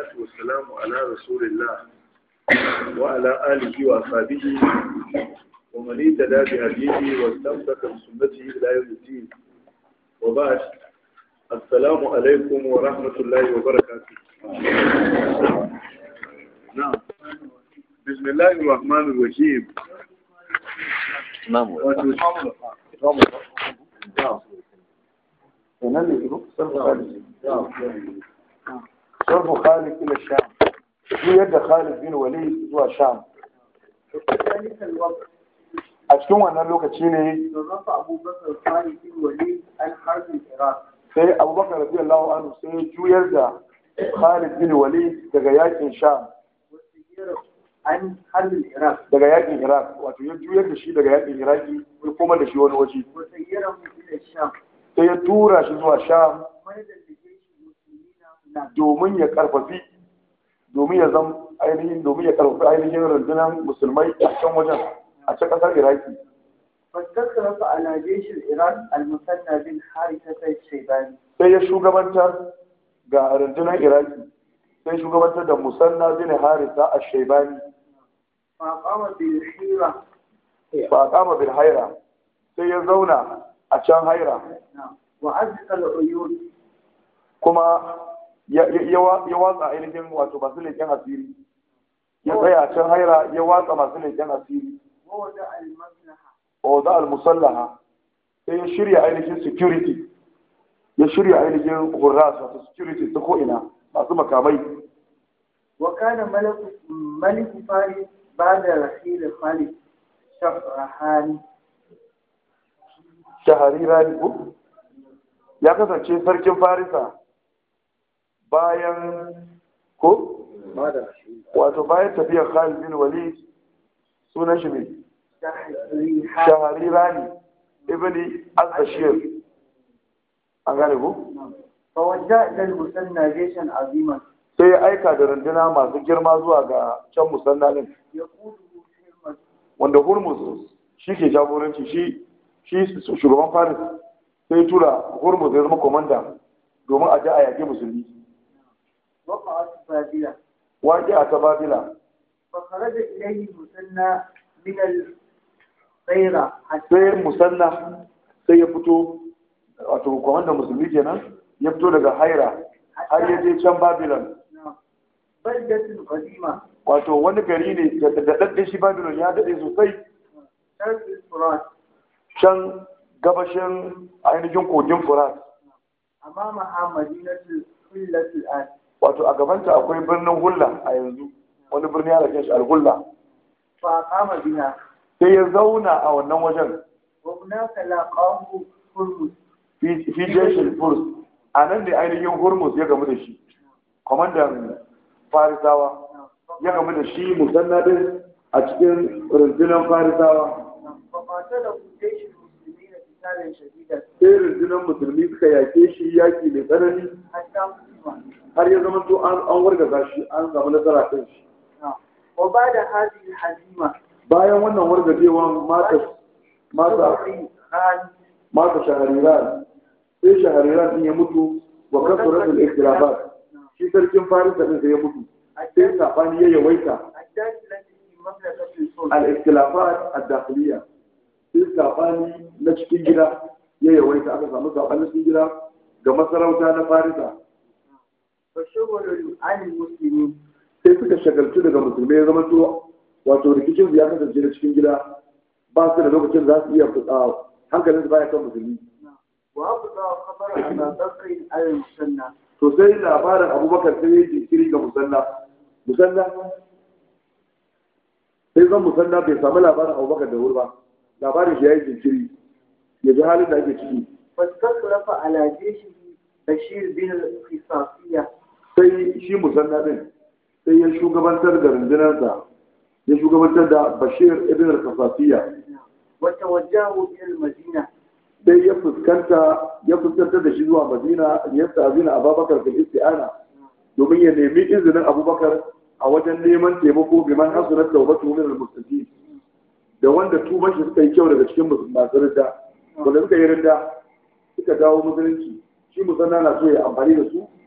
الصلاة والسلام على رسول الله وعلى آله وأصحابه ومن اهتدى بهديه واستمسك بسنته إلى يوم الدين وبعد السلام عليكم ورحمة الله وبركاته نعم بسم الله الرحمن الرحيم نعم نعم, نعم. sarfu Khalid ila Sham juyar da Khalid bin Walid zuwa Sham a cikin wannan lokaci ne sai abubakar radiyallahu anhu sai juyar da Khalid bin Walid daga yakin Sham an halin Iraq daga yakin Iraq wato ya juyar da shi daga yakin Iraki ya koma da shi wani waje sai ya tura shi zuwa Sham domin ya karfafi domin ya zan ainihin domin ya karfafi ainihin rundunar musulmai a can wajen a can kasar iraki فاستخلف على جيش iran al بن bin الشيباني. sai ya shugabantar ga rundunar iraki sai shugabantar da musanna bin harisa a shaibani fa kama bil haira sai ya zauna a can haira kuma ya watsa ainihin wato masu leƙen asiri ya tsaya can haira ya watsa masu leƙen asiri wada al-musallaha sai ya shirya ainihin security ya shirya ainihin hurras wato security ta ko'ina masu makamai wa kana maliku fari ba da rahila fari shafrahani shahari rani ya kasance sarkin farisa bayan ko wato bayan tafiyar Khalid bin Walid sunan shi ne rani ibn al-bashir an gane ko wajja musanna aziman sai ya aika da runduna masu girma zuwa ga can musanna din wanda hurmuz shi ke jagoranci shi shi shugaban faris sai tura hurmuz ya zama komanda domin a ji a yaƙi musulmi babila waqi'a ta babila fa kharaja ilayhi musanna min al tsaira sai musanna sai ya fito wato kwamandan musulmi kenan ya fito daga haira har ya je can wato wani gari ne da daɗe shi ya daɗe sosai can gabashin ainihin kogin furat amma ma'a wato a gabanta akwai birnin hulla a yanzu wani birni ya rake shi alhulla fa kama biya sai ya zauna a wannan wajen gwamnati laqahu hurmus fi jeshin furs a nan da ainihin hurmus ya gamu da shi kwamandan farisawa ya gamu da shi musamman din a cikin rundunar farisawa sai rundunar musulmi suka yake shi yaki mai tsanani har ya zama to an wargaza shi an samu nasara kan shi wa ba da hadin hazima bayan wannan wargajewan mata mata mata shahariran sai shahariran din ya mutu wa kasratul ikhtilafat shi sarkin faris da sai ya mutu sai safani ya yawaita al-ikhtilafat ad-dakhiliya sai safani na cikin gida ya yawaita aka samu safanin cikin gida ga masarauta na farisa sai suka shagaltu daga musulmi ya zama wato rikicin ya kasance na cikin gida ba su da lokacin za su iya fita hankalinsu baya kan musulmi wa abu da kabar abubakar ayin musanna to sai labarin abubakar sai yi jinkiri ga musanna musanna sai zan musanna bai samu labarin abubakar da wuri ba labarin shi ya yi jinkiri ya ji halin da ake ciki fasikasu rafa alajeshi bashir bin fisafiya sai shi musanna din sai ya shugabantar da rundunarsa ya shugabantar da bashir ibn al-kafafiya wata wajahu ila madina sai ya fuskanta ya fuskanta da shi zuwa madina ya tsazina abubakar da isti'ana domin ya nemi izinin abubakar a wajen neman taimako hasunar da wata wumin al-mustaqim da wanda tuban shi suka yi kyau daga cikin masu ridda wanda suka yi ridda suka dawo musulunci shi musanna na so ya amfani da su